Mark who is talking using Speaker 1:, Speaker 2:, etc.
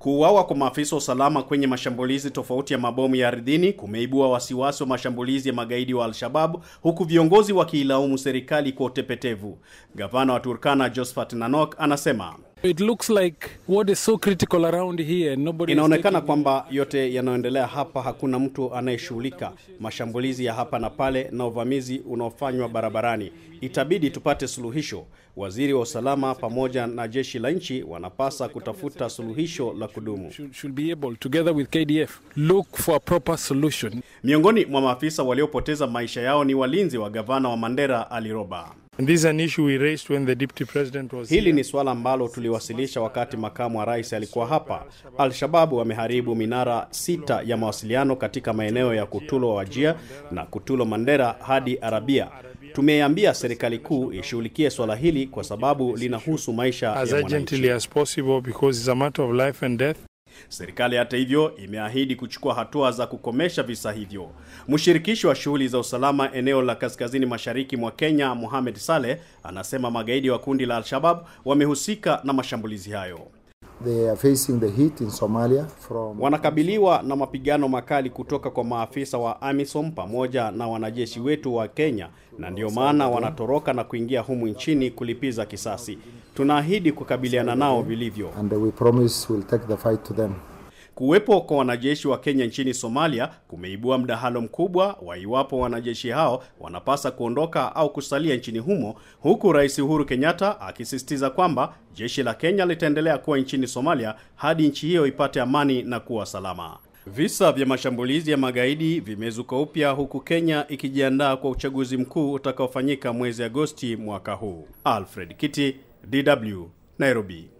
Speaker 1: Kuuawa kwa maafisa wa usalama kwenye mashambulizi tofauti ya mabomu ya ardhini kumeibua wasiwasi wa mashambulizi ya magaidi wa Al-Shabab huku viongozi wakiilaumu serikali kwa utepetevu. Gavana wa Turkana Josephat Nanok anasema It looks like
Speaker 2: what is so critical around here, nobody inaonekana
Speaker 1: kwamba yote yanayoendelea hapa hakuna mtu anayeshughulika, mashambulizi ya hapa na pale na uvamizi unaofanywa barabarani. Itabidi tupate suluhisho. Waziri wa usalama pamoja na jeshi la nchi wanapasa kutafuta suluhisho la kudumu. Miongoni mwa maafisa waliopoteza maisha yao ni walinzi wa gavana wa Mandera Ali Roba. Hili ni suala ambalo tuliwasilisha wakati makamu wa rais alikuwa hapa. Al-Shababu wameharibu minara sita ya mawasiliano katika maeneo ya Kutulo Wajia na Kutulo Mandera hadi Arabia. Tumeiambia serikali kuu ishughulikie swala hili kwa sababu linahusu maisha ya mwananchi. Serikali hata hivyo imeahidi kuchukua hatua za kukomesha visa hivyo. Mshirikishi wa shughuli za usalama eneo la kaskazini mashariki mwa Kenya, Mohamed Saleh, anasema magaidi wa kundi la Al-Shabab wamehusika na mashambulizi hayo.
Speaker 3: They are facing the heat in Somalia from...
Speaker 1: Wanakabiliwa na mapigano makali kutoka kwa maafisa wa AMISOM pamoja na wanajeshi wetu wa Kenya, na ndio maana wanatoroka na kuingia humu nchini kulipiza kisasi. Tunaahidi kukabiliana nao vilivyo.
Speaker 3: And we promise we'll take the fight to them.
Speaker 1: Kuwepo kwa wanajeshi wa Kenya nchini Somalia kumeibua mdahalo mkubwa wa iwapo wanajeshi hao wanapasa kuondoka au kusalia nchini humo, huku Rais Uhuru Kenyatta akisisitiza kwamba jeshi la Kenya litaendelea kuwa nchini Somalia hadi nchi hiyo ipate amani na kuwa salama. Visa vya mashambulizi ya magaidi vimezuka upya huku Kenya ikijiandaa kwa uchaguzi mkuu utakaofanyika mwezi Agosti mwaka huu. Alfred Kiti, DW, Nairobi.